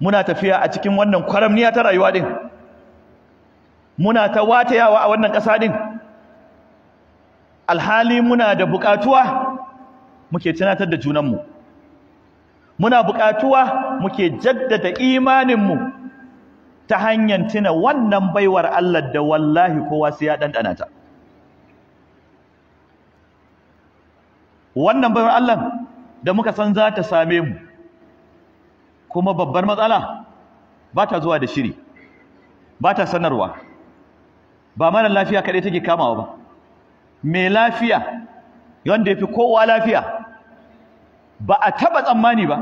muna tafiya a cikin wannan kwaramniya ta rayuwa din muna ta watayawa a wannan ƙasa din alhali muna da buƙatuwa muke tunatar da junanmu muna buƙatuwa muke jaddada imaninmu ta hanyar tuna wannan baiwar Allah da wallahi kowa sai ya ɗanɗana ta wannan baiwar Allah da muka san za ta same mu kuma babbar matsala ba ta zuwa da shiri ba ta sanarwa ba mana lafiya kaɗai take kamawa ba mai lafiya wanda ya fi kowa lafiya ba a taɓa tsammani ba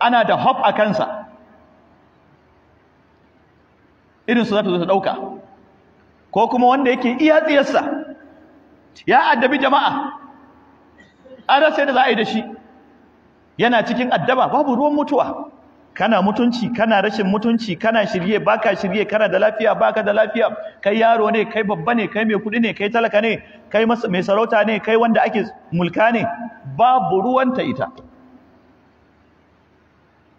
ana da hop a kansa irinsu za ta zo ta ɗauka ko kuma wanda yake iya tsiyarsa ya addabi jama'a an rasa yadda za a yi da shi yana cikin addaba babu ruwan mutuwa kana mutunci kana rashin mutunci kana shirye baka shirye kana da lafiya baka da lafiya kai yaro ne kai babba ne kai mai kudi ne kai talaka ne kai mai sarauta ne kai wanda ake mulka ne babu ruwan ta ita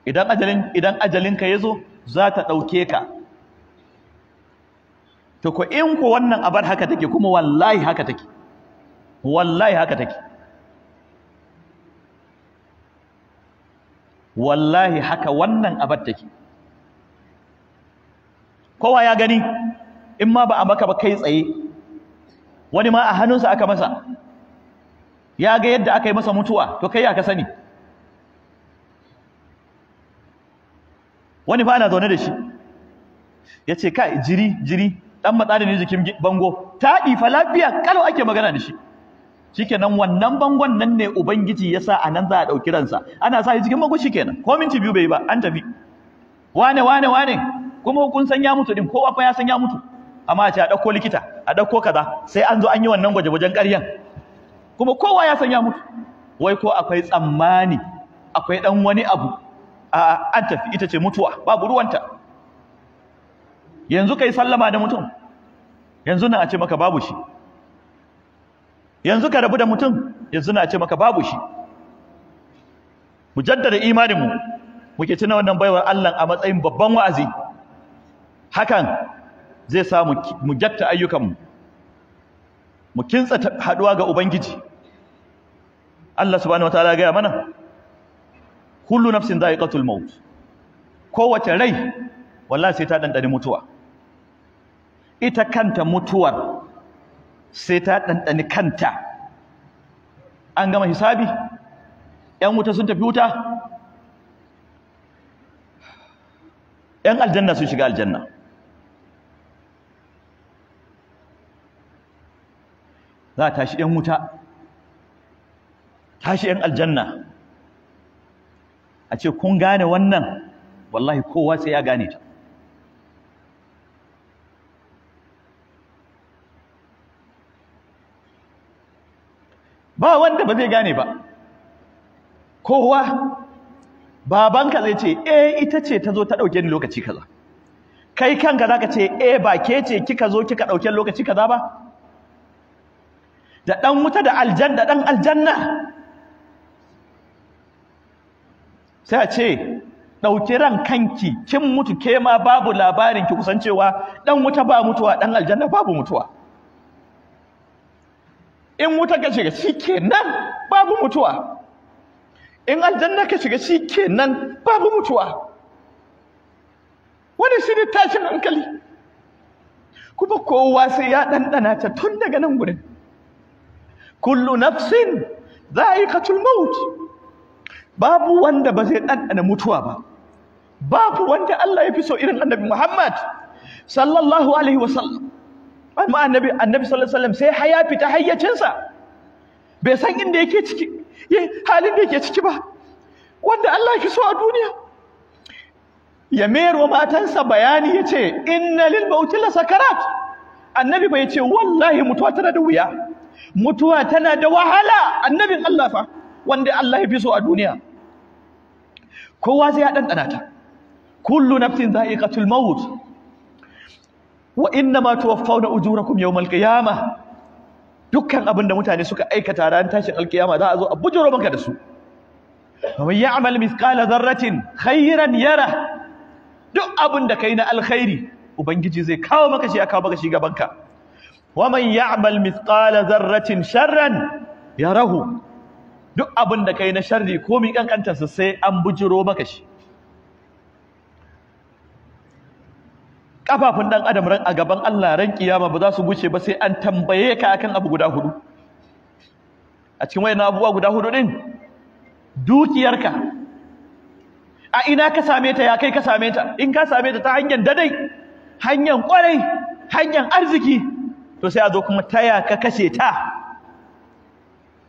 idan ajalin idan ka yazo za ta dauke ka to ko in ko wannan abar haka take kuma wallahi haka take wallahi haka take wallahi haka wannan abar take kowa ya gani in ma ba a maka ba kai tsaye wani ma a hannunsa aka masa ya ga yadda aka yi masa mutuwa to kai ya ka sani wani fa ana zaune da shi ya ce kai jiri jiri dan matsa ne jikin bango taɗi fa lafiya kalau ake magana da shi nan, wannan bangon nan ne ubangiji yasa a nan za a ɗauki ransa ana sa shi cikin bango shikenan ko minti biyu bai ba an tafi wane wane wane kuma kun san ya mutu din kowa fa ya san ya mutu amma a ce a ɗauko likita a ɗauko kaza sai an zo an yi wannan gwaje-gwajen ƙaryan kuma kowa ya san ya mutu wai ko akwai tsammani akwai ɗan wani abu a an tafi ita ce mutuwa babu ruwanta yanzu kai sallama da mutum yanzu nan a ce maka babu shi yanzu ka rabu da mutum yanzu na ce maka babu shi mu jaddada imaninmu muke tuna wannan baiwar Allah a matsayin babban wa'azi hakan zai sa mu jatta ayyukanmu mu kinsa haduwa ga ubangiji Allah subhanahu wataala ga gaya mana kullu nafsin dha'iqatul maut kowace rai wallahi sai ta dandane mutuwa ita kanta mutuwar sai ta ɗanɗani kanta an gama hisabi ‘yan wuta sun tafi wuta ‘yan aljanna sun shiga aljanna za a tashi ‘yan wuta tashi ‘yan aljanna a ce kun gane wannan wallahi kowa sai ya gane ta ba wanda ba zai gane ba kowa babanka zai ce eh ita ce ta zo ta ɗauke ni lokaci kaza kai kanka zaka ce eh ba ke ce kika zo kika ɗauke lokaci kaza ba da ɗan wuta da aljanna ɗan aljanna sai a ce ɗauki ran kanki kin mutu ke ma babu labarin ki kusancewa ɗan wuta ba mutuwa ɗan aljanna babu mutuwa in wuta ka shiga shi nan babu mutuwa in aljanna ka shiga shi nan babu mutuwa wani shi ne tashin hankali kuma kowa sai ya ɗanɗana ta tun daga nan gurin kullu nafsin za'iqatul maut babu wanda ba zai ɗanɗana mutuwa ba babu wanda Allah ya fi so irin annabi Muhammad sallallahu alaihi wasallam amma annabi annabi sallallahu alaihi wasallam sai haya fita hayyacinsa bai san inda yake ciki halin da yake ciki ba wanda Allah ke so a duniya ya mayar wa matansa bayani ya ce inna lil mauti la sakarat annabi bai ce wallahi mutuwa tana da wuya mutuwa tana da wahala annabin Allah fa wanda Allah ya fi so a duniya kowa zai ya ɗanɗana ta kullu nafsin za'iqatul maut wa inna ma tuwaffawna ujurakum yawmal qiyamah dukkan abinda mutane suka aikata ran tashin alkiyama za a zo a bujuro banka da su man ya'mal mithqala dharratin khayran yara duk abinda kai na alkhairi ubangiji zai kawo maka shi ya kawo maka shi gaban ka wa man ya'mal mithqala dharratin sharran yarahu duk abinda kai na sharri ko mi kankantar sai an bujuro maka shi kafafun dan adam ran a gaban Allah ran kiyama ba za su guce ba sai an tambaye ka akan abu guda hudu a cikin wayannan abubuwa guda hudu din dukiyarka a ina ka same ta ya kai ka same ta in ka same ta ta hanyar dadai hanyar kwarai hanyar arziki to sai a zo kuma taya ka kashe ta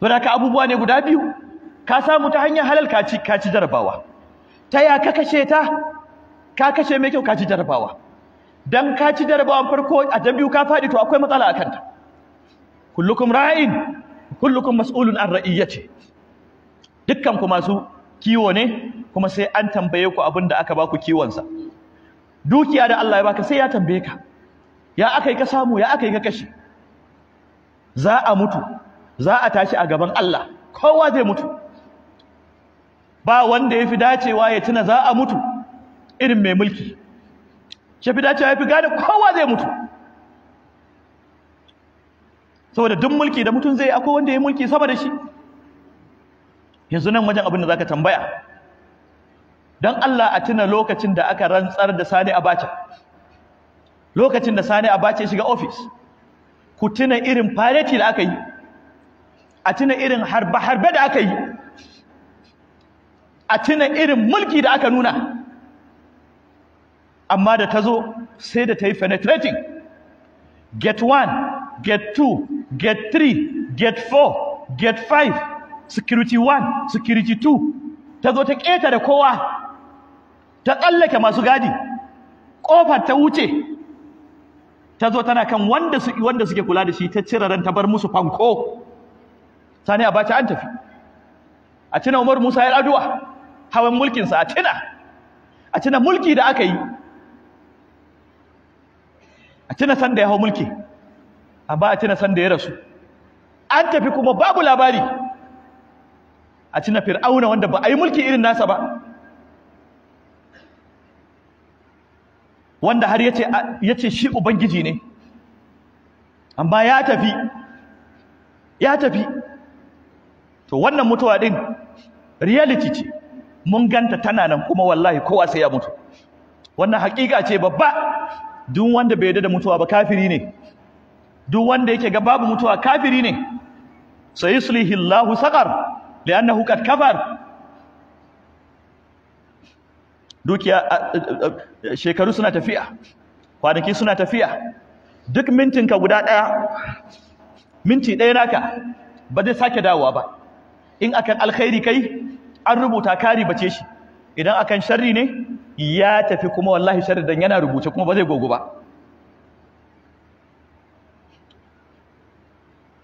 to da abubuwa ne guda biyu ka samu ta hanyar halal ka ci ka ci jarabawa taya ka kashe ta ka kashe mai kyau ka ci jarabawa dan ka ci jarabawan farko a dan biyu ka faɗi to akwai matsala a kanta kullukum ra'in kullukum mas'ulun an ra'iyati dukkan ku masu kiwo ne kuma sai an tambaye ku abin aka ba ku kiwonsa dukiya da Allah ya baka sai ya tambaye ka ya aka ka samu ya aka ka kashi za a mutu za a tashi a gaban Allah kowa zai mutu ba wanda yafi dacewa ya tuna za a mutu irin mai mulki shafi ce dacewa ya fi gane kowa zai mutu saboda duk mulki da mutum zai akwai wanda ya mulki sama da shi yanzu nan wajen abin da ka tambaya don Allah a tuna lokacin da aka rantsar da Sani Abacha lokacin da Sani Abacha ya shiga ofis ku tuna irin fareti da aka yi a tuna irin harbe-harbe da aka yi a tuna irin mulki da aka nuna amma da ta zo sai da ta yi penetrating get one, get two, get three, get four, get five, security one, security two. ta zo ta keta da kowa ta tsallake masu gadi kofar ta wuce ta zo tana kan wanda su wanda suke kula da shi ta cire ran ta bar musu fanko sani bace an tafi a tuna Umar Musa ya aduwa hawan mulkin sa a tuna a tuna mulki da aka yi tuna san da ya hau mulki amma a tuna san da ya rasu an tafi kuma babu labari a tuna fir'auna wanda ba a yi mulki irin nasa ba wanda har ya ce shi ubangiji ne amma ya tafi ya tafi to wannan mutuwa din reality ce mun ganta tana nan kuma wallahi kowa sai ya mutu wannan hakika ce babba duk wanda bai da mutuwa ba kafiri ne duk wanda yake ga babu mutuwa kafiri ne sayyislihi Allahu saqar li'annahu qad kafar dukiya shekaru suna tafiya kwanaki suna tafiya duk mintinka guda daya minti daya naka ba zai sake dawowa ba in akan alkhairi kai an rubuta kari bace shi idan akan sharri ne ya tafi kuma wallahi sharidan yana rubuce kuma ba zai gogo ba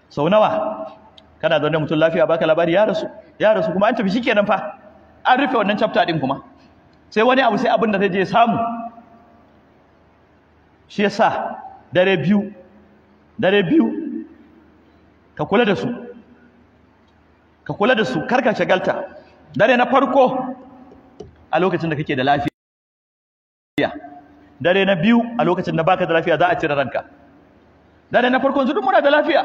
sau nawa kana zaune mutum lafiya baka labari ya rasu ya rasu kuma an tafi shi kenan fa an rufe wannan chapta din kuma sai wani abu sai abin da zai je samu shi ya sa dare biyu dare biyu ka kula da su ka kula da su karka shagalta dare na farko a lokacin da kake da lafiya dare na biyu a lokacin da baka da lafiya za a cire ranka dare na farkon su duk muna da lafiya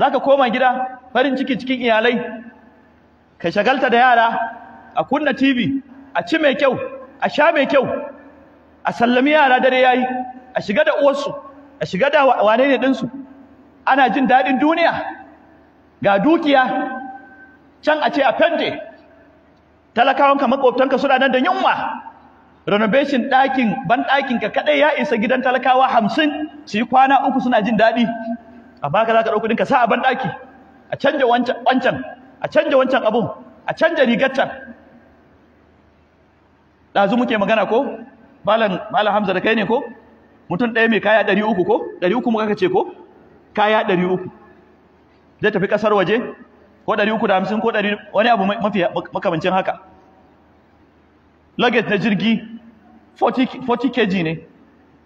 zaka koma gida farin ciki cikin iyalai ka shagalta da yara a kunna TV a ci mai kyau a sha mai kyau a sallami yara dare yayi a shiga da uwarsu a shiga da wane ne su ana jin dadin duniya ga dukiya can a ce a fente talakawanka makwabtanka suna nan da yunwa renovation ɗakin ban ɗakin ka kaɗai ya isa gidan talakawa hamsin su yi kwana uku suna jin daɗi a baka za ka ɗauki ɗinka sa a ban ɗaki a canja wancan a canja wancan abun a canja rigar can ɗazu muke magana ko malam malam hamza da kai ne ko mutum ɗaya mai kaya ɗari uku ko ɗari uku muka ce ko kaya ɗari uku zai tafi ƙasar waje ko ɗari uku da hamsin ko ɗari wani abu mafi makamancin haka luggage na jirgi 40 kg ne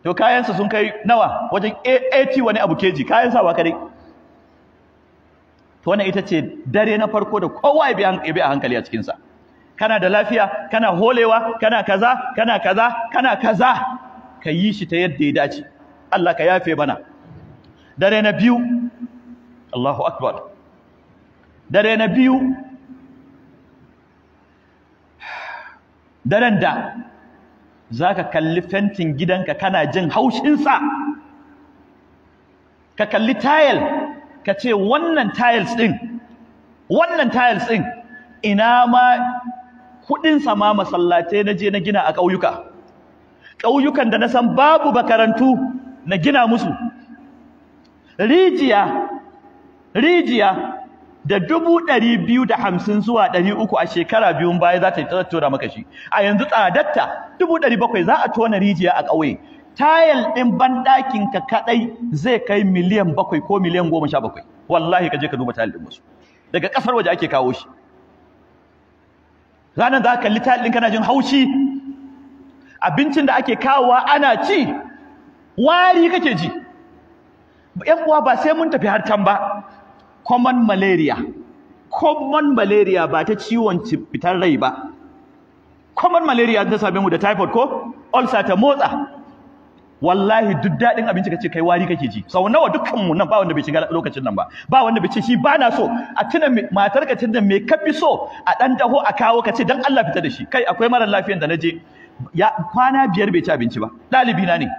to kayansa sun kai nawa wajen 80 wani abu kg kayan sawa kare to wannan ita ce dare na farko da kowa ya bi a hankali a cikinsa kana da lafiya kana holewa kana kaza kana kaza kana kaza ka yi shi ta yadda ya dace Allah ka yafe bana. dare na biyu Allahu akbar dare na biyu daren da za ka kalli fentin gidanka kana jin haushinsa ka kalli tayil ka ce wannan tiles ɗin wannan tayals ɗin ina ma kuɗinsa ma masallatai na je na gina a ƙauyuka ƙauyukan da na san babu bakarantu na gina musu rijiya rijiya da dubu ɗari biyu da hamsin zuwa ɗari uku a shekara biyun baya za ta tura maka shi a yanzu tsadatta dubu ɗari bakwai za a tona rijiya a ƙauye tayal ɗin banɗakin ka kaɗai zai kai miliyan bakwai ko miliyan goma sha bakwai wallahi ka je ka duba tayal ɗin musu daga ƙasar waje ake kawo shi ranar za ka kalli tayal ɗin kana jin haushi abincin da ake kawowa ana ci wari kake ji ‘yan uwa ba sai mun tafi har can ba common malaria common malaria ba ta ciwon fitar rai ba common malaria ta same mu da typhoid ko ulcer ta motsa wallahi duk daɗin abinci kace kai wari kake ji sau nawa dukkan nan ba wanda bai shiga lokacin nan ba ba wanda bai ce shi bana so a tuna matar ka tunda me ka fi so a ɗan taho a kawo ka ce dan Allah fita da shi kai akwai mara lafiyan da na je. kwana biyar bai ci abinci ba ɗalibi na ne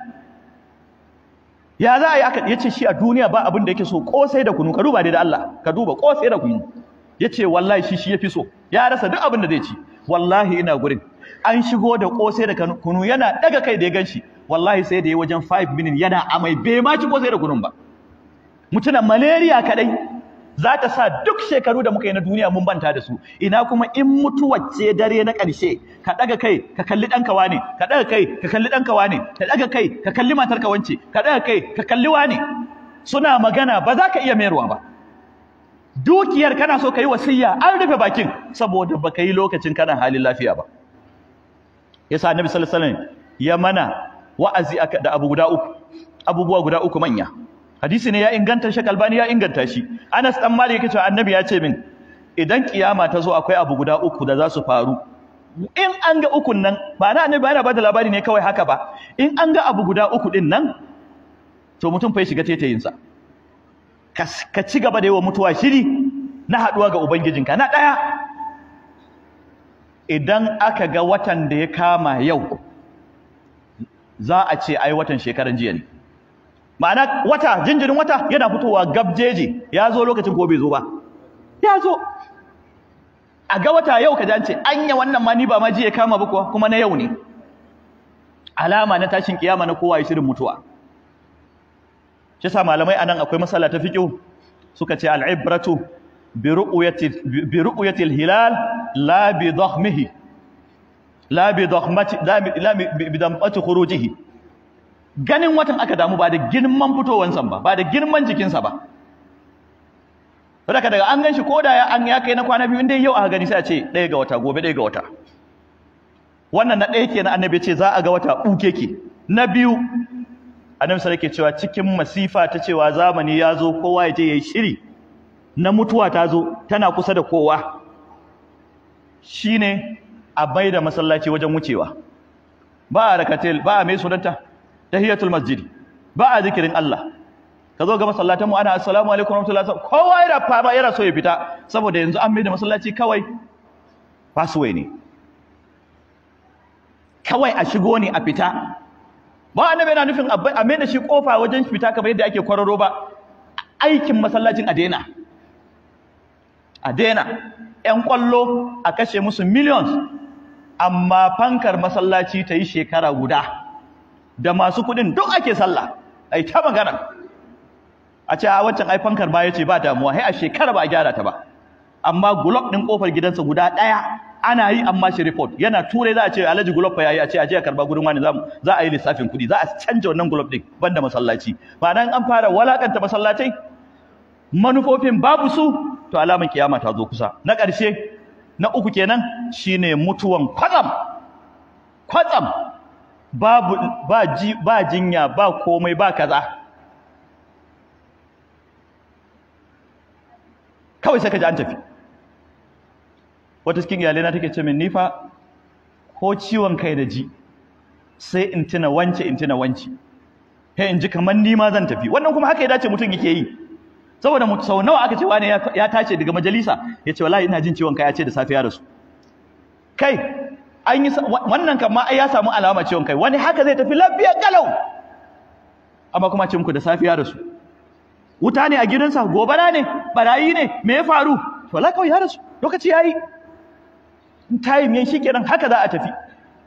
ya za a yi aka yace shi a duniya ba abin da yake so kosai da kunu ka duba dai da Allah ka duba kosai da kunu yace wallahi shi shi yafi so ya rasa duk abin da zai ci wallahi ina gurin an shigo da kosai da kunu yana daga kai da ya ganshi wallahi sai da ya wajen 5 minutes yana amai bai ma ci kosai da kunun ba mutuna malaria kadai za ta sa duk shekaru da muka yi na duniya mun banta da su ina kuma in mutuwar ce dare na ƙarshe ka ɗaga kai ka kalli ɗanka wane ka ɗaga kai ka kalli ɗanka wane ka ɗaga kai ka kalli matar ka wance ka ɗaga kai ka kalli wane suna magana ba za ka iya mayarwa ba dukiyar kana so ka yi wasiya an rufe bakin saboda ba ka yi lokacin kana halin lafiya ba yasa annabi sallallahu alaihi wasallam ya mana wa'azi da abu guda uku abubuwa guda uku manya hadisi ne ya inganta shi kalbani ya inganta shi Anas dan Malik yake cewa annabi ya ce min idan kiyama ta zo akwai abu guda uku da za su faru in an ga ukun nan ba na annabi yana bada labari ne kawai haka ba in an ga abu guda uku din nan to mutum fa ya shiga tetayinsa ka ci gaba da yi mutuwa shiri na haduwa ga ubangijinka na daya idan aka ga watan da ya kama yau za a ce ai watan shekaran jiya ne ma'ana wata jinjirin wata yana fitowa gabjeji ya zo lokacin ko bai zo ba ya zo a ga wata yau ka jance anya wannan ma ni ba ma ji ya kama ba kuma na yau ne alama na tashin kiyama na kowa ya shirin mutuwa shi sa malamai anan akwai masala ta fiqh suka ce al'ibratu bi ru'yati al-hilal la bi dhahmihi ganin watan aka damu ba da girman fitowansa ba ba da girman jikinsa ba saboda daga an gan shi ko da an ya kai na kwana biyu inda yau a gani sai a ce ɗaya ga wata gobe ɗaya ga wata wannan na ɗaya kenan annabi ce za a ga wata buke ke na biyu annabi sai ke cewa cikin masifa ta cewa zamani ya zo kowa ya je yayi shiri na mutuwa ta zo tana kusa da kowa shine a bai da masallaci wajen wucewa ba a rakatel ba a mai sunanta tahiyatul masjidi ba a zikirin Allah ka zo ga masallatan mu ana assalamu alaikum warahmatullahi kowa yana fama yara so ya fita saboda yanzu an mai da masallaci kawai passway ne kawai a shigo ne a fita ba annabi yana nufin a mai da shi kofa wajen fita kamar yadda ake kwararo ba aikin masallacin a daina a daina ‘yan kwallo a kashe musu millions amma fankar masallaci ta yi shekara guda da masu kuɗin duk ake sallah ai ta magana a ce a wancan ai fankar ba ya ce ba damuwa hai a shekara ba a gyara ta ba amma gulob din ƙofar gidansa guda daya ana yi amma shi report yana turai za a ce alhaji gulok fa yayi a ce a je a karba gurin wani za a yi lissafin kuɗi za a canja wannan gulok din banda masallaci ba nan an fara walakanta masallatai manufofin babu su to alaman kiyama ta zo kusa na ƙarshe na uku kenan shine mutuwan kwatsam kwatsam ba jinya ba komai ba kaza kawai sai ka ji an tafi wata cikin iyalai na take ce min nifa ko ciwon kai da ji sai in tuna wance in tuna wance sai in ji kamar ni ma zan tafi wannan kuma haka ya dace mutum yake yi saboda sau nawa aka ce wani ya tace daga majalisa ya ce wallahi ina jin ciwon kai ya ce da safiya da su kai an yi wannan kan ma ya samu alama ciwon kai wani haka zai tafi lafiya galau amma kuma cin ku da safiya da su wuta ne a gidansa gobara ne barayi ne me ya faru to la kawai ya rasu lokaci yayi time yan shikenan haka za a tafi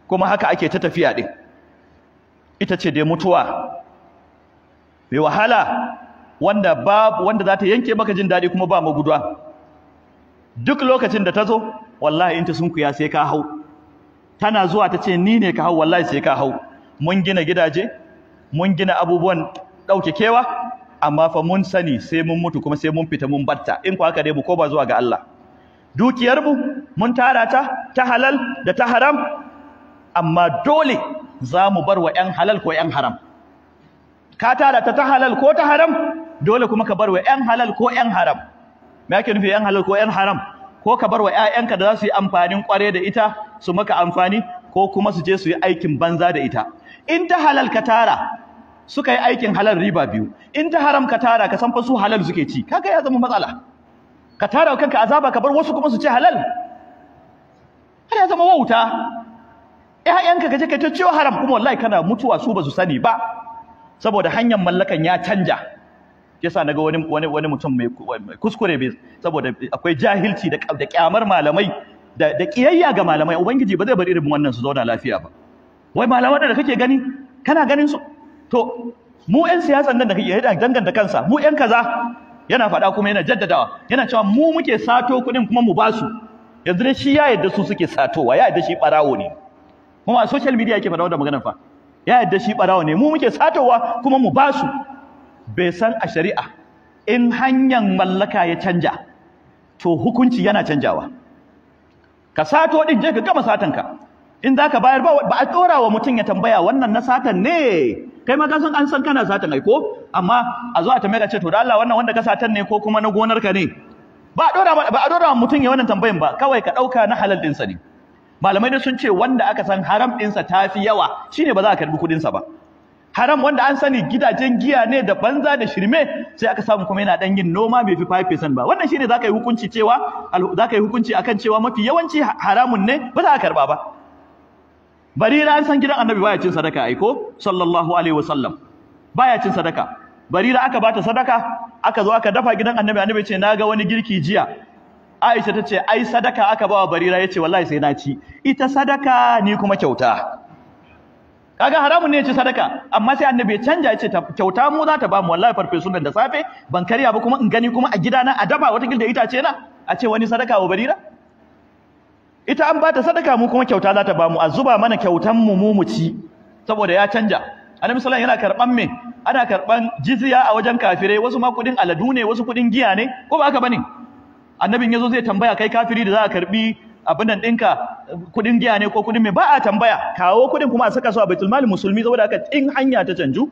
kuma haka ake ta tafiya din ita ce dai mutuwa mai wahala wanda babu wanda za ta yanke maka jin daɗi kuma ba guduwa? duk lokacin da ta zo wallahi in ta sunkuya sai ka hau tana zuwa ta ce ni ne ka hau wallahi sai ka hau mun gina gidaje mun gina abubuwan ɗauke kewa amma fa mun sani sai mun mutu kuma sai mun fita mun batta in ko haka dai mu ko ba zuwa ga Allah dukiyarmu mun tara ta ta halal da ta haram amma dole za mu bar wa 'yan halal ko 'yan haram ka tara ta ta halal ko ta haram dole kuma ka bar wa 'yan halal ko 'yan haram me ake nufi 'yan halal ko 'yan haram ko ka bar wa ƴaƴanka da za su yi amfanin ƙware da ita su maka amfani ko kuma su je su yi aikin banza da ita in ta halal ka tara suka yi aikin halal riba biyu in ta haram ka tara ka san fa su halal suke ci kaga ya zama matsala ka tara wa kanka azaba ka bar wasu kuma su ce halal har ya zama wauta ƴaƴanka ka je ka ta ciwo haram kuma wallahi kana mutuwa su ba su sani ba saboda hanyar mallakan ya canja yasa naga wani wani wani mutum mai kuskure bai saboda akwai jahilci da da kyamar malamai da da kiyayya ga malamai ubangiji ba zai bari irin wannan su zauna lafiya ba wai malaman da kake gani kana ganin su to mu yan siyasan nan da kake yana danganta kansa mu yan kaza yana faɗa kuma yana jaddadawa yana cewa mu muke sato kuɗin kuma mu ba su yanzu dai shi ya yadda su suke satowa ya yadda shi ɓarawo ne kuma a social media yake faɗa wannan maganar fa ya yadda shi ɓarawo ne mu muke satowa kuma mu ba su bai san a shari'a in hanyar mallaka ya canja to hukunci yana canjawa ka sato din je ka gama satanka in za ka bayar ba ba a tsora wa mutum ya tambaya wannan na satan ne kai ma san an san kana satan ai ko amma a zo a tambaye ka ce to da Allah wannan wanda ka satan ne ko kuma na gonar ka ne ba a dora ba a dora wa mutum ya wannan tambayin ba kawai ka dauka na halal din sa ne malamai da sun ce wanda aka san haram din sa tafi yawa shine ba za ka karbi kudin sa ba haram wanda an sani gidajen giya ne da banza da shirme sai aka samu kuma yana dan yin noma bai fi 5% ba wannan shine zaka yi hukunci cewa zaka yi hukunci akan cewa mafi yawanci haramun ne ba za ka karba ba barira an san gidan annabi baya cin sadaka ai ko sallallahu alaihi wasallam baya cin sadaka barira aka bata sadaka aka zo aka dafa gidan annabi annabi ce na ga wani girki jiya Aisha ta ce ai sadaka aka bawa barira yace wallahi sai na ci ita sadaka ni kuma kyauta kaga haramun ne ya ci sadaka amma sai annabi ya canja ya ce kyauta mu za ta ba mu wallahi farfesu sunan da safe ban karya ba kuma in gani kuma a gidana a daba wata gilda itace na a ce wani sadaka wa barira ita an bata sadaka mu kuma kyauta za ta ba mu a zuba mana kyautan mu mu mu ci saboda ya canja annabi sallallahu yana karban me ana karban jizya a wajen kafirai wasu ma kudin aladu ne wasu kudin giya ne ko ba haka bane annabin yazo zai tambaya kai kafiri da za a karbi abin nan ɗinka kuɗin giya ne ko kuɗin mai ba a tambaya kawo kuɗin kuma a saka su a baitul mali musulmi saboda haka in hanya ta canju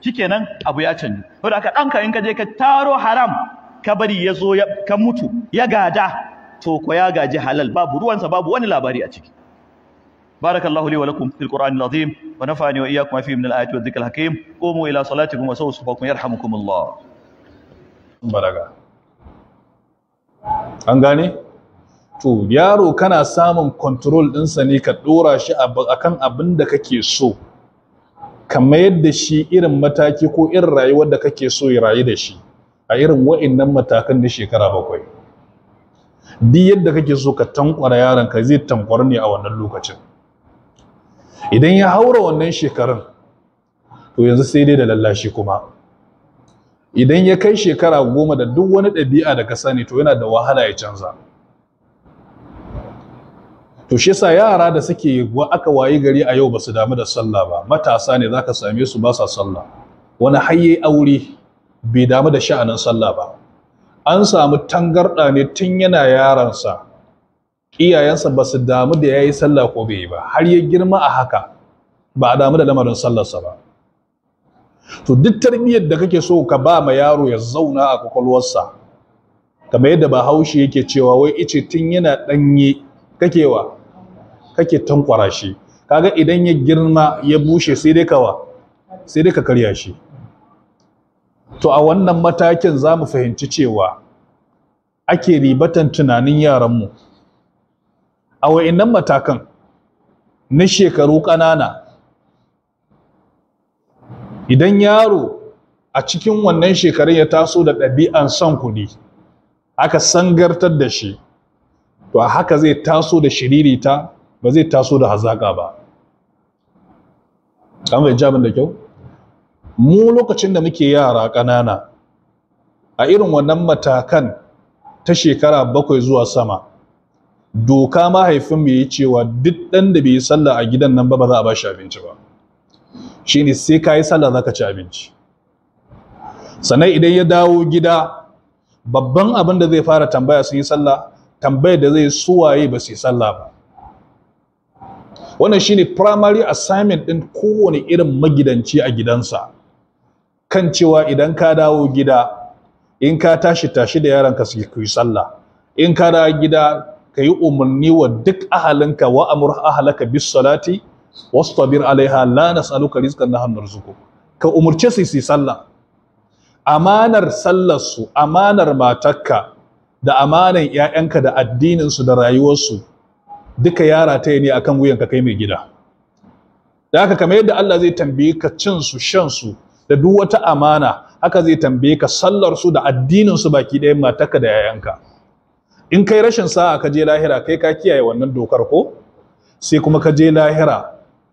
shikenan abu ya canju saboda haka ɗanka in ka je ka taro haram ka bari ya zo ka mutu ya gada to ko ya gaji halal babu ruwansa babu wani labari a ciki بارك الله لي ولكم في القرآن العظيم ونفعني وإياكم فيه من الآيات والذكر الحكيم قوموا إلى صلاتكم وسووا صفوكم يرحمكم الله بركة an gane to yaro kana samun control ɗinsa ne ka ɗora shi akan abin da kake so ka mayar shi irin mataki ko irin rayuwar da kake so ya rayu da shi a irin wa'innan matakan da shekara bakwai duk yadda kake so ka tankwara yaron ka zai tankwara ne a wannan lokacin idan ya haura wannan shekarun to yanzu sai dai da lallashi kuma idan ya kai shekara goma da duk wani ɗabi'a da ka sani to yana da wahala ya canza to shi yasa yara da suke aka wayi gari a yau ba su damu da sallah ba matasa ne zaka same su ba sa sallah wani hayye aure bai damu da sha'anin sallah ba an samu tangarɗa ne tun yana yaransa iyayensa ba su damu da yayi sallah ko bai ba har ya girma a haka ba a damu da lamarin sallarsa ba to duk tarbiyyar da kake so ka ba ma yaro ya zauna a kwakwalwarsa kamar yadda bahaushe yake cewa wai ice tun yana ɗanye kakewa kake tankwara shi kaga idan ya girma ya bushe sai dai kawa sai dai ka karya shi to a wannan matakin za mu fahimci cewa ake ribatan tunanin yaranmu a wa'innan matakan na shekaru ƙanana idan yaro a cikin wannan shekarun ya taso da ɗabi'an son kuɗi aka sangartar da shi to a haka zai taso da shiririta ba zai taso da hazaƙa ba an bai jabin da kyau mu lokacin da muke yara ƙanana a irin wannan matakan ta shekara bakwai zuwa sama doka mahaifin mu yi cewa duk ɗan da bai yi sallah a gidan nan ba ba za a ba shi abinci ba shine sai ka yi sallah za ka ci abinci sannan idan ya dawo gida babban abin da zai fara tambaya sun yi sallah tambayar da zai suwaye ba su yi sallah ba wannan shine primary assignment din kowane irin magidanci a gidansa kan cewa idan ka dawo gida in ka tashi tashi da yaranka su yi sallah in ka dawo gida ka yi umarni wa duk ahalinka wa amur ahalaka bis salati wastabir alaiha la nas'aluka rizqan nahnu narzuku ka umurce su su sallah amanar sallarsu amanar matarka da amanar 'ya'yanka da addininsu da rayuwarsu duka yara ta yi ne akan wuyan ka kai mai gida da haka kamar yadda Allah zai tambaye ka cin su shan su da duk wata amana haka zai tambaye ka sallar su da addinin su baki ɗaya matarka da yayanka in kai rashin sa'a ka je lahira kai ka kiyaye wannan dokar ko sai kuma ka je lahira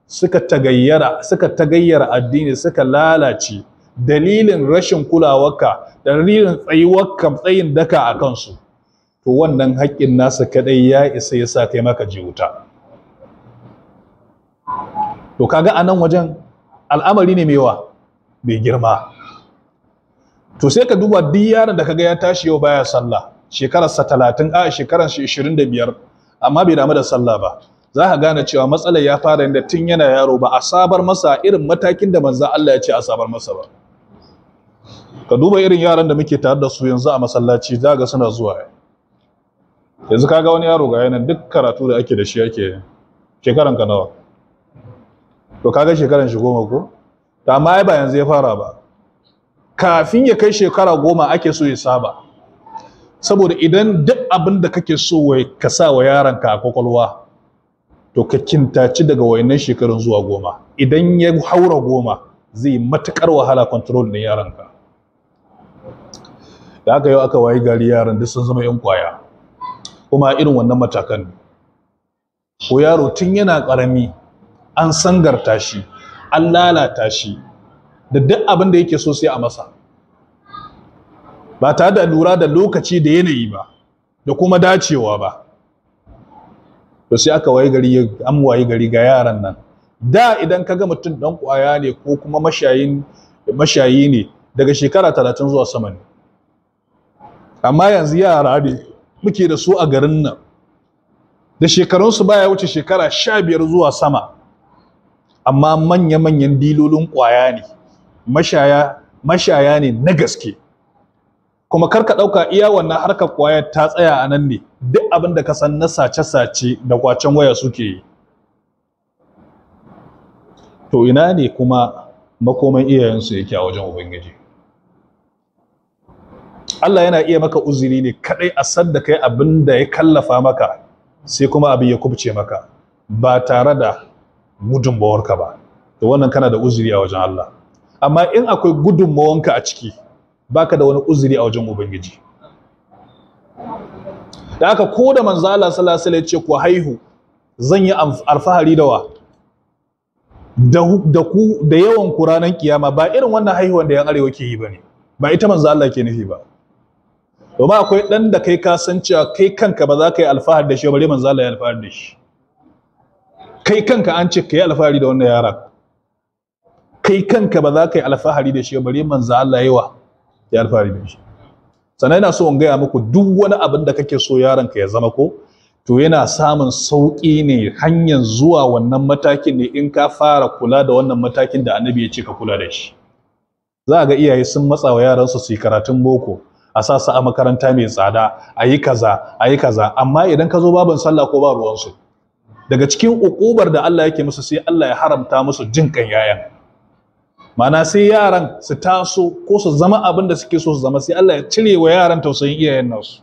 suka tagayyara suka tagayyara addini suka lalace dalilin rashin kulawarka dalilin tsayuwarka tsayin daka a kansu to wannan haƙƙin nasa kaɗai ya isa ya sa kai maka ji wuta to kaga a nan wajen al'amari ne mewa mai girma to sai ka duba duk yaron da kaga ya tashi yau baya sallah shekararsa talatin a shekarar shi ishirin da biyar amma bai damu da sallah ba za ka gane cewa matsalar ya fara inda tun yana yaro ba a sabar masa irin matakin da manzan Allah ya ce a sabar masa ba ka duba irin yaran da muke tare da su yanzu a masallaci za ga suna zuwa yanzu kaga wani yaro ga yana duk karatu da ake da shi ake shekaran ka nawa to kaga shekaran shi goma ko ta amma ai ba yanzu ya fara ba kafin ya kai shekara goma ake so ya saba saboda idan duk abin da kake so ka sa wa yaranka a kwakwalwa to ka kintaci daga wayannan shekarun zuwa goma idan ya haura goma zai matukar wahala control na yaranka da aka yau aka wayi gari yaran duk sun zama yan kwaya kuma irin wannan matakan ko yaro tun yana ƙarami an sangarta shi an lalata shi da duk abin da yake so sai a masa ba tare da lura da lokaci da yanayi ba da kuma dacewa ba to sai aka waye gari an waye gari ga yaran nan da idan ka ga mutum dan kwaya ne ko kuma mashayin mashayi ne daga shekara 30 zuwa sama ne amma yanzu yara ne muke da su a garin nan da shekarunsu baya wuce shekara sha biyar zuwa sama amma manya-manyan dilolin ƙwaya ne mashaya mashaya ne na gaske kuma karka ka ɗauka iya wannan harkar ƙwaya ta tsaya a nan ne duk abin da ka san na sace-sace da kwacen waya suke yi to ina ne kuma makoman iyayensu yake a wajen ubangiji Allah yana iya maka uzuri ne kadai a sadda kai abin da ya kallafa maka sai kuma abin ya kubce maka ba tare da gudunmawarka ba to wannan kana da uzuri a wajen Allah amma in akwai gudunmawanka a ciki baka da wani uzuri a wajen ubangiji da haka ko da manzo Allah sallallahu alaihi ce ku haihu zan yi alfahari da wa da ku da yawan ku ranar kiyama ba irin wannan haihuwan da yan arewa ke yi bane ba ita manzo Allah ke nufi ba domin akwai ɗan da kai ka san cewa kai kanka ba za ka yi alfahar da shi ba manzo Allah ya alfahar da shi kai kanka an ce ka yi alfahari da wannan yaran kai kanka ba za ka yi alfahari da shi bare manzo Allah yawa ya alfahari da shi sannan ina so in gaya muku duk wani abin da kake so yaron ka ya zama ko to yana samun sauƙi ne hanyar zuwa wannan matakin ne in ka fara kula da wannan matakin da annabi ya ce ka kula da shi za a ga iyaye sun matsa wa yaransu su yi karatun boko a sa su a makaranta mai tsada a yi kaza a yi kaza amma idan ka zo baban sallah ko ba ruwansu daga cikin ukubar da Allah yake musu sai Allah ya haramta musu jin kan yayan Ma'ana sai yaran su taso ko su zama abin da suke so su zama sai Allah ya cire wa yaran tausayin iyayen nasu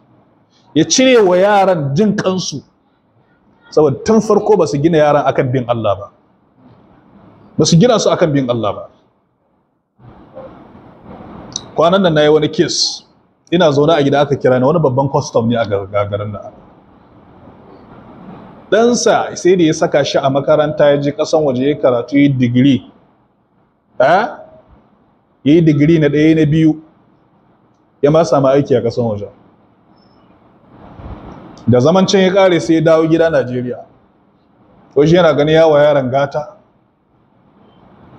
ya cire wa yaran jin kansu saboda tun farko ba su gina yaran akan bin Allah ba ba su gina su akan bin Allah ba kwanan nan na yi wani kes ina zaune a gida aka kira ni wani babban custom ne a gagarin nan ɗansa sai da ya saka shi a makaranta ya je ƙasan waje ya karatu yi digiri ya yi digiri na ɗaya na biyu ya ma samu aiki a ƙasan waje da zaman can ya ƙare sai ya dawo gida najeriya ko shi yana gani yawa yaron gata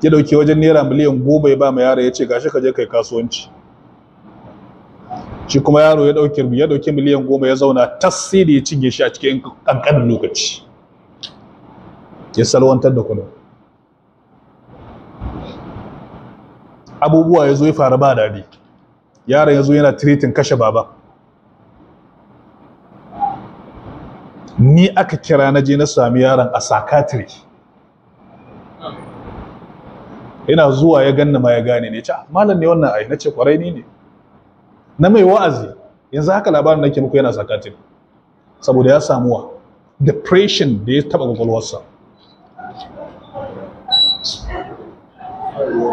ya ɗauki wajen naira miliyan goma ya ba ma yara ya ce gashi ka je kai kasuwanci shi kuma yaro ya dauke ya dauke miliyan goma ya zauna tasiri ya cinye shi a cikin kankanin lokaci ya salwantar da kudin abubuwa ya zo ya fara ba daɗi yaron ya zo yana tiritin kashe baba ni aka kira na je na sami yaron a sakatiri ina zuwa ya ganna ma ya gane ne ce ah, malam ne wannan ai na ce kwarai ni ne na mai wa'azi yanzu haka labarin nake muku yana sakatin saboda ya samuwa depression da ya taba kwakwalwarsa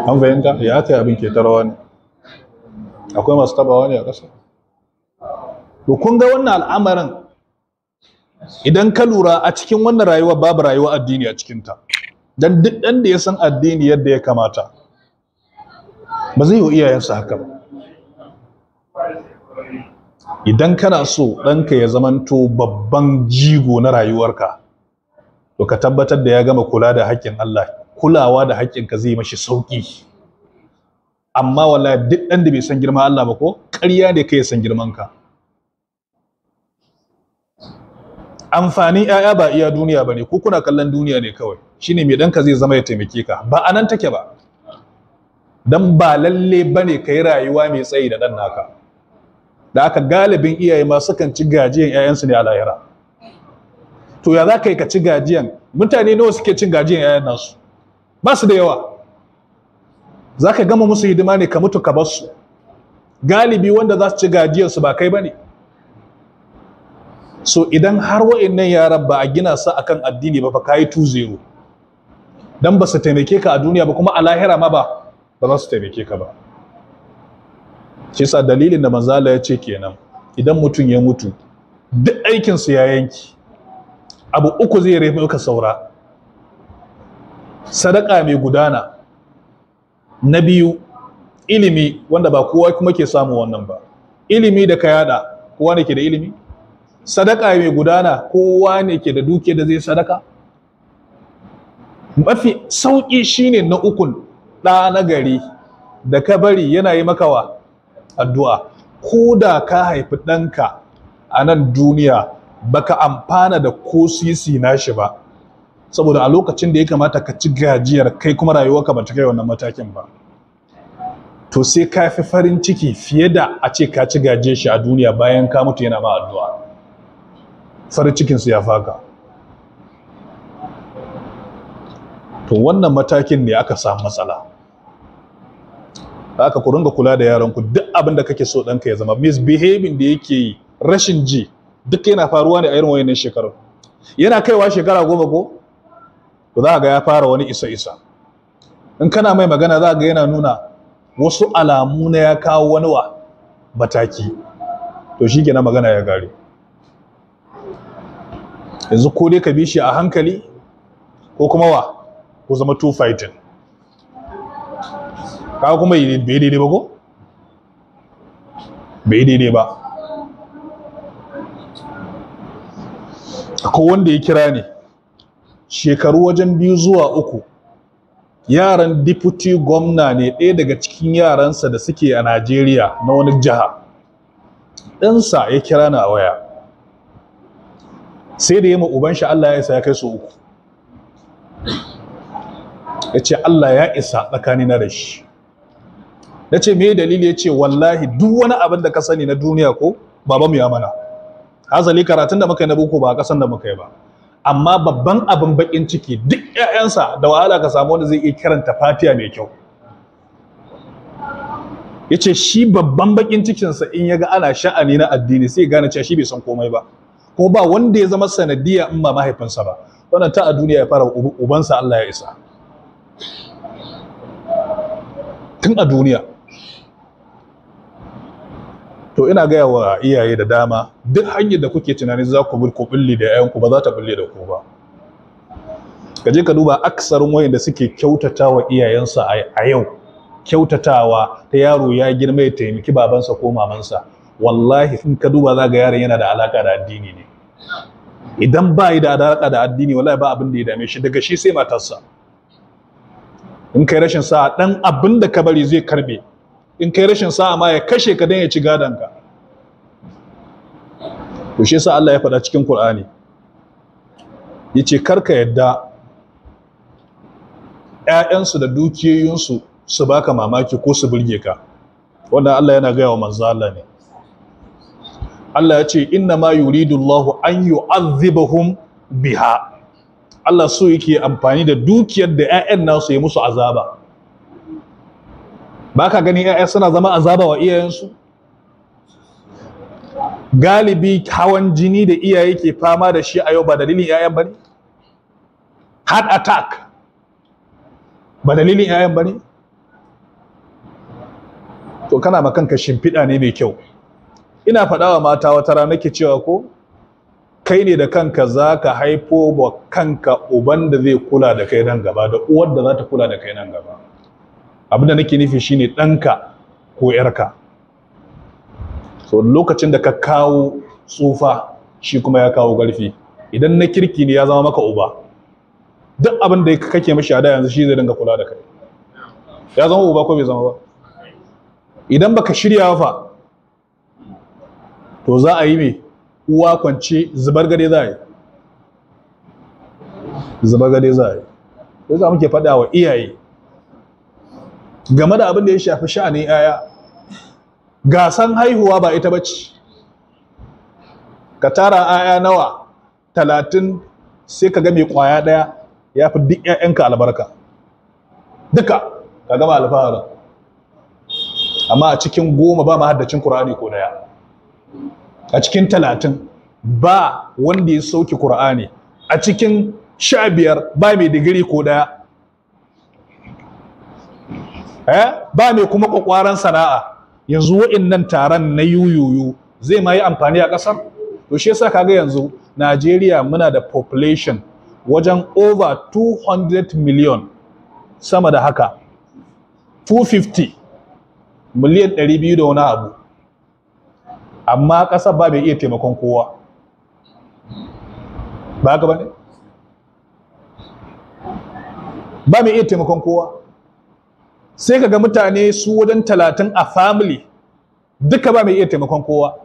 an fahimta ya haka abin ke tarawa ne akwai masu tabawa ne a ƙasa to kun ga wannan al'amarin idan ka lura a cikin wannan rayuwa babu rayuwa addini a cikinta don duk ɗan da ya san addini yadda ya kamata ba zai yi wa iyayensa haka ba idan kana so ɗanka ya zamanto babban jigo na rayuwarka to ka tabbatar da ya gama kula da haƙƙin Allah kulawa da haƙƙinka zai mashi sauƙi amma wala duk ɗan da bai san girman Allah ba ko ƙarya ne kai san girman ka amfanin ‘ya'ya ba iya duniya bane, ko kuna kallon duniya ne kawai shine mai ɗanka zai zama ya taimake ka ba a nan take ba Dan ba lalle bane ne ka yi rayuwa mai tsayi da ɗan naka da aka galibin iyaye ma sukan ci gajiyan 'ya'yansu ne a lahira to ya za ka yi ka ci gajiyan mutane nawa suke cin gajiyan 'ya'yan nasu ba su da yawa za ka gama musu hidima ne ka mutu ka bar su galibi wanda za su ci gajiyan su ba kai ba ne so idan har wa'annan yaran ba a gina su akan addini ba fa kayi tu zero dan ba su taimake ka a duniya ba kuma a lahira ma ba ba za su taimake ka ba shi yasa dalilin da manzala ya ce kenan idan mutum ya mutu duk su ya yanki abu uku zai rufe ka saura sadaka mai gudana na biyu ilimi wanda ba kowa kuma ke samu wannan ba ilimi da ka yada kowa ne ke da ilimi sadaka mai gudana kowa ne ke da duke da zai sadaka mafi sauƙi shine na ukun ɗa na gari da ka bari yana yi makawa addu'a ko da ka haifi ɗanka a nan duniya baka amfana da ko sisi shi ba saboda a lokacin da ya kamata ka ci gajiyar kai kuma rayuwarka ba ta kai wannan matakin ba to sai ka fi farin ciki fiye da a ce ka ci gaje shi a duniya bayan ka mutu yana ba addu'a farin cikin su ya faka to wannan matakin ne aka samu matsala haka ku ringa kula da yaron ku duk abin da kake so ɗanka ya zama misbehaving da yake yi rashin ji duk yana faruwa ne a irin wayannan shekarun yana kaiwa shekara goma ko to za ga ya fara wani isa isa in kana mai magana za ga yana nuna wasu alamu na ya kawo wani wa mataki to shi na magana ya gare yanzu ko dai ka bi shi a hankali ko kuma wa ko zama two fighting kaga kuma bai daidai ba ko bai daidai ba akwai wanda ya kira ne shekaru wajen biyu zuwa uku yaran deputy gwamna ne ɗaya daga cikin yaransa da suke a najeriya na wani jiha ɗansa ya kira na waya sai da ya ma uban sha allah ya isa ya kai su uku ya ce allah ya isa tsakanina da shi na ce me dalili ya ce wallahi duk wani abin da ka sani na duniya ko baba ya mana hazali karatun da muka yi na boko ba a kasan da muka yi ba amma babban abin bakin ciki duk ƴaƴansa da wahala ka samu wanda zai iya karanta fatiya mai kyau ya ce shi babban baƙin cikinsa in ya ga ana sha'ani na addini sai gane cewa shi bai san komai ba ko ba wanda ya zama sanadiyya in ba mahaifinsa ba wannan ta a duniya ya fara ubansa Allah ya isa tun a duniya to ina gaya wa iyaye da dama duk hanyar da kuke tunanin za ku bi ku da yayanku ba za ta bulle da ku ba ka je ka duba aksarin wayanda suke kyautatawa iyayensa a yau kyautatawa ta yaro ya girma ya taimaki babansa ko mamansa wallahi in ka duba za ga yaron yana da alaka da addini ne idan ba yi da alaka da addini wallahi ba abin da ya dame shi daga shi sai matarsa in kai rashin sa dan abin da ka bari zai karbe in kai rashin sa'a ma ya kashe ka dan ya ci gadon ka to shi yasa Allah ya faɗa cikin Qur'ani yace karka yadda ƴaƴansu da dukiyoyin su baka mamaki ko su burge ka wannan Allah yana gaya wa manzo Allah ne Allah ya ce inna ma yuridullahu an yu'adhibahum biha Allah so yake amfani da dukiyar da ƴaƴan nasu ya musu azaba ba ka gani ya'ya suna zama azaba wa iyayensu galibi hawan jini da iyaye ke fama da shi a yau ba dalilin ya'yan bane heart attack ba dalilin ya'yan bane to kana ma kanka shimfiɗa ne mai kyau ina faɗawa mata wata rana ke cewa ko kai ne da kanka za ka haifo wa kanka uban da zai kula da kai nan gaba da uwar da za ta kula da kai nan gaba abinda nake nufi shine ɗanka ko ‘yarka so lokacin da ka kawo tsufa shi kuma ya kawo ƙarfi idan na kirki ne ya zama maka uba duk abin da kake mashi a da yanzu shi zai dinga kula da kai ya zama uba ko bai zama ba idan baka shirya fa to za a yi me uwa kwance zubar gade za a yi zubar gade za a yi za muke faɗa wa iyaye game da abin da ya shafi sha'anin yaya gasan haihuwa ba ita bace ka tara yaya nawa talatin sai ka ga mai kwaya daya ya fi duk 'ya'yanka albarka duka ka gama alfaharin amma a cikin goma ba mahaddacin Kur'ani ko daya a cikin talatin ba wanda ya sauke Kur'ani a cikin sha biyar ba mai digiri ko daya Eh? ba mai kuma kwakwaran sana'a yanzu wa'innan taron na yuyuyu zai ma yi amfani a ƙasar to shi yasa kaga yanzu Najeriya muna da population wajen over 200 million sama da haka 250 miliyan 200 da wani abu amma ƙasar ba mai iya taimakon kowa ba haka ba ne ba mai iya taimakon kowa sai ka ga mutane su wajen talatin a family duka ba mai iya taimakon kowa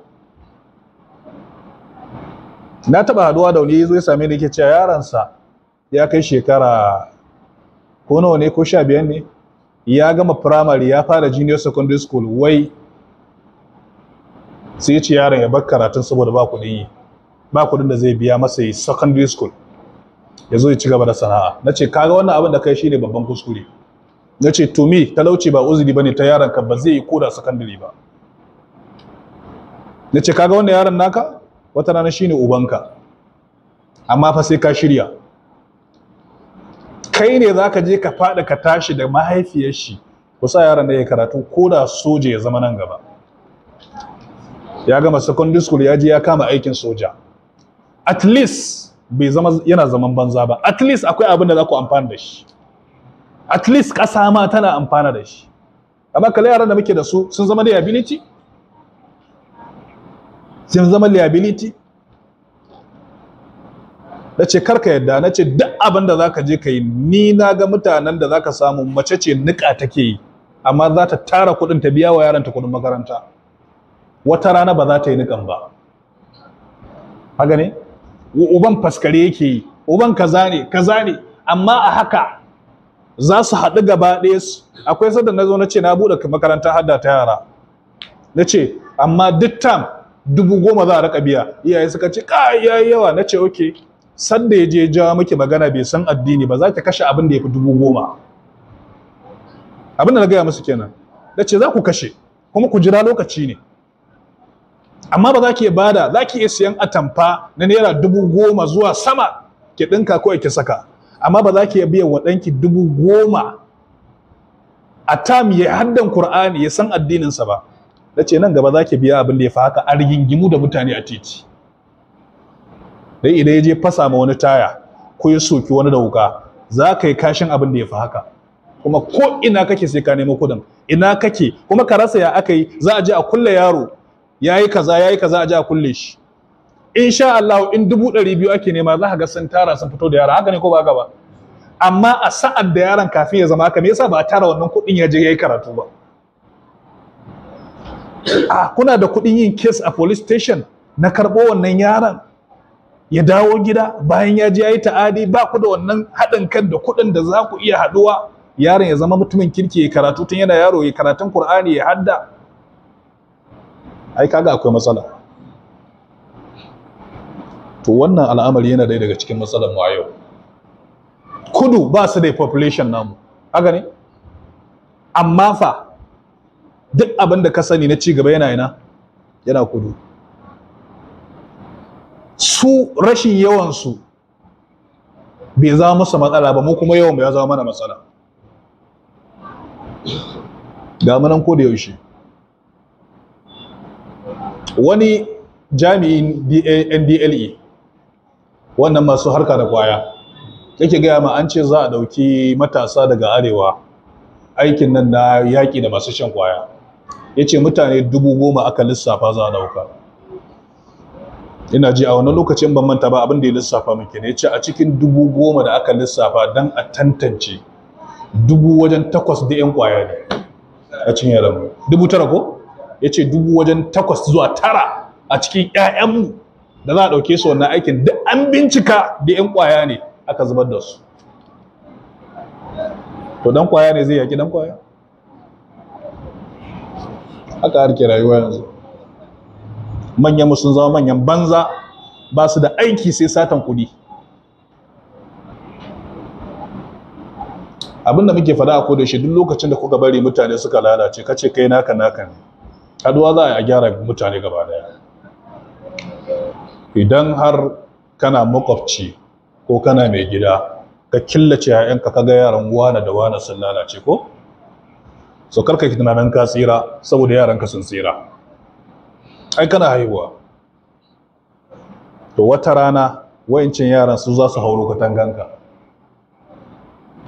na taba haduwa da wani zai same ni yake cewa yaransa ya kai shekara ko nawa ne ko sha biyar ne ya gama primary ya fara junior secondary school wai sai ce yaron ya bar karatun saboda ba kuɗin yi ba kuɗin da zai biya masa yi secondary school ya zo ya ci gaba da sana'a na ce kaga wannan abin da kai shine babban kuskure na ce to me talauci ba uzuri bane ta yaranka ba zai yi koda secondary ba Nace, ce kaga wanda yaron naka wata rana shine ubanka amma fa sai ka shirya kai ne zaka je ka faɗi ka tashi da mahaifiyar shi ku sa yaron da ya karatu koda da soja ya zama nan gaba ya gama secondary school ya je ya kama aikin soja at least bai zama yana zaman banza ba at least akwai abin da za ku amfana da shi at least ƙasa ma tana amfana da shi amma kala yaran da muke da su sun zama liability sun zama liability na ce karka yadda na ce duk abin da zaka je ka yi ni na ga mutanen da zaka samu mace ce nika take yi amma za ta tara kuɗin ta biya wa yaran ta kuɗin makaranta wata rana ba za ta yi nikan ba haka ne uban faskare yake yi uban kaza ne kaza ne amma a haka za su haɗu gaba ɗaya su akwai sadar na zo na ce na buɗe makaranta hadda ta yara na ce amma duk tam dubu goma za a raka biya iyaye suka ce ka yayi yawa na ce oke sadda ya je jawa miki magana bai san addini ba za ki kashe abin da ya fi dubu goma abin da na gaya musu kenan na ce za ku kashe kuma ku jira lokaci ne amma ba za ki bada za ki iya siyan atamfa na naira dubu goma zuwa sama ki ɗinka ko ki saka amma ba za ki iya biyan wa ɗanki dubu goma a tam ya haddan Kur'ani ya san addininsa ba da ce nan gaba za ki biya abin da ya fi haka a rigingimu da mutane a titi dai idan ya je fasa ma wani taya ko ya soki wani da wuka za ka yi kashin abin da ya fi haka kuma ko ina kake sai ka nemo kudin ina kake kuma ka rasa ya aka yi za a je a kulle yaro ya yi kaza ya yi kaza a je a kulle shi insha Allah in dubu ɗari biyu ake nema za ka ga sun tara sun fito da yara. haka ne ko ba ba amma a sa'ad da yaron kafin ya zama haka me yasa ba a tara wannan kuɗin ya je ya yi karatu ba a kuna da kuɗin yin kes a police station na karɓo wannan yaron ya dawo gida bayan ya je ya yi ta'adi ba ku da wannan haɗin kan da kuɗin da za ku iya haɗuwa yaron ya zama mutumin kirki ya karatu tun yana yaro ya karatun Kur'ani ya hadda ai kaga akwai matsala to wannan al'amari yana ɗaya daga cikin matsalar mu a yau kudu ba su da population namu haka ne amma fa duk abin da ka sani na cigaba yana ina yana kudu su rashin yawansu bai zama musu matsala ba mu kuma yawan ya zama mana matsala ga munan ko da yaushe wani jami'in ndle wannan masu harka da kwaya yake gaya ma an ce za a ɗauki matasa daga arewa aikin nan na yaki da masu shan kwaya ya ce mutane dubu goma aka lissafa za a ɗauka ina ji a wannan lokacin ban manta ba abin da ya lissafa min ne ya ce a cikin dubu goma da aka lissafa don a tantance dubu wajen takwas da 'yan kwaya ne a cikin dubu tara ko ya ce dubu wajen takwas zuwa tara a cikin mu. da za a ɗauke su wannan aikin duk an bincika da 'yan kwaya ne aka zubar da su to dan kwaya ne zai yaƙi dan kwaya. aka harke rayuwa yanzu manyan musun zama manyan banza ba su da aiki sai satan kuɗi abin da muke faɗa a koda shi duk lokacin da kuka bari mutane suka lalace kace kai naka naka ne Haduwa za a gyara mutane gaba daya idan har kana makwabci ko kana mai gida ka killace ‘ya'yanka ka ga yaran wane da wane sun lalace ko? so karka ki tunanin ka tsira saboda yaran ka sun tsira ai kana haihuwa to wata rana wayancin yaran su za su hauro katanganka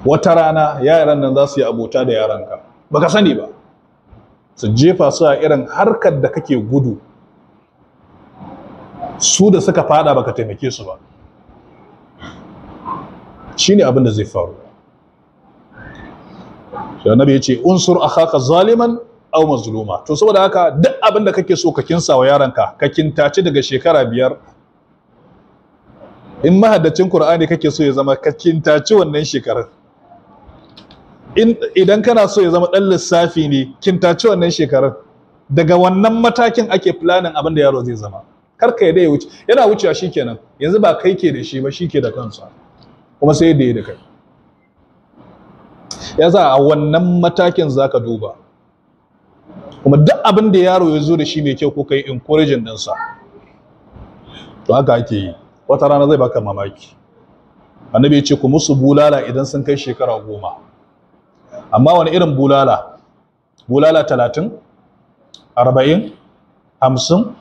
wata rana yaran nan za su yi abota da yaranka baka sani ba su jefa su a irin harkar da kake gudu su da suka fada baka taimake su ba shine abin da zai faru shi annabi yace unsur akhaka zaliman aw mazluma to saboda haka duk abin da kake so ka kinsa wa yaranka ka kintace daga shekara biyar in mahaddacin qur'ani kake so ya zama ka kintace wannan shekarar idan kana so ya zama dan lissafi ne kintace wannan shekarar daga wannan matakin ake planning abin da yaro zai zama kar ka yadda ya wuce yana wucewa shikenan yanzu ba kai ke da shi ba shi ke da kansa kuma sai da ya da kai ya za a wannan matakin zaka duba kuma duk abin da yaro ya zo da shi mai kyau ko kai encouraging ɗinsa to haka ake yi wata rana zai baka mamaki annabi ya ce ku musu bulala idan sun kai shekara goma amma wani irin bulala bulala talatin arba'in hamsin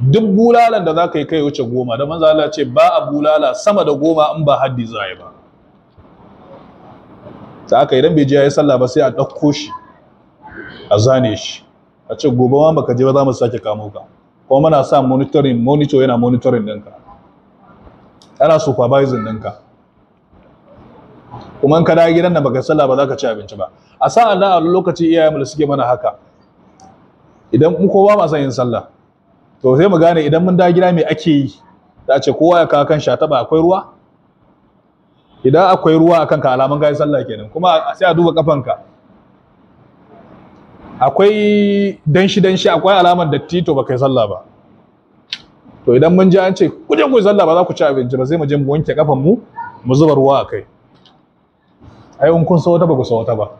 duk bulalan da za ka yi kai wuce goma da manzo Allah ce ba a bulala sama da goma in ba haddi za ba ta aka idan bai je ya yi sallah ba sai a ɗauko shi a zane shi a ce gobe ma baka je ba za mu sake kamo ka kuma muna sa monitoring monitor yana monitoring ɗinka ana supervising ɗinka kuma in ka dawo gidan da baka sallah ba za ka ci abinci ba a sa Allah a lokaci iyayen da suke mana haka idan kowa ba san yin sallah to sai mu gane idan mun da gida me ake yi da a ce kowa ya kawo kan shataba akwai ruwa idan akwai ruwa akan ka alaman gayi sallah kenan kuma sai a duba kafanka akwai danshi danshi akwai alamar datti to ba kai sallah ba to idan mun ji an ce ku je ku sallah ba za ku ci abinci ba sai mu je mu wanke kafan mu mu zuba ruwa a kai ai in kun sauta ba ku wata ba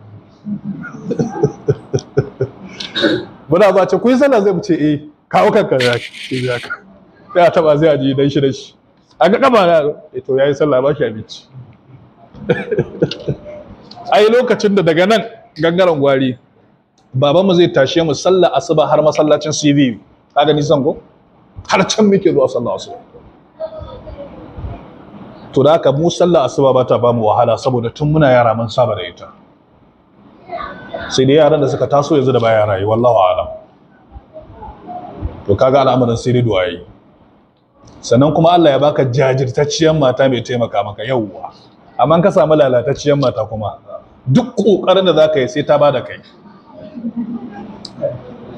muna ba ce ku yi sallah zai mu ce eh kawo kanka za ka sai a taba zai a ji dan shi da shi a ga kama na e to yayi sallah ba shi abinci ai lokacin da daga nan gangaren gwari babanmu zai tashe mu sallah asuba har masallacin CV ka gani san ko har can muke zuwa sallah asuba to da haka mu sallah asuba ba ta ba mu wahala saboda tun muna yara mun saba da ita sai dai yaran da suka taso yanzu da baya rayu wallahu a'lam to kaga al'amarin sai dai du'a sannan kuma Allah ya baka jajirtacciyar mata mai taimaka maka yawwa amma ka samu lalatacciyar mata kuma duk kokarin da zaka yi sai ta bada kai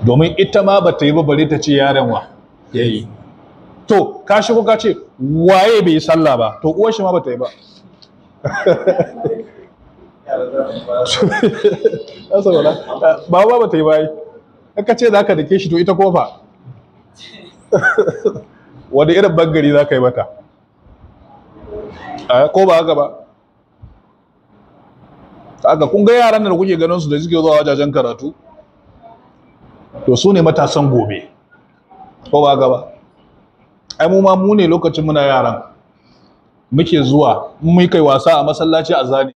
domin ita ma bata yi ba bare ta ce yaren wa yayi to ka shigo ka ce waye bai yi sallah ba to uwar shi ma bata yi ba ba ba ta yi ba ka ce ka dake shi to ita kofa wani irin bangare za ka yi mata eh, ko ba haka ba haka kun ga yaran da kuke ganin su da suke zuwa wajajen karatu to su ne matasan gobe ko ba haka ba ai mu ma mu ne lokacin muna yaran muke zuwa mun kai wasa a masallaci a zane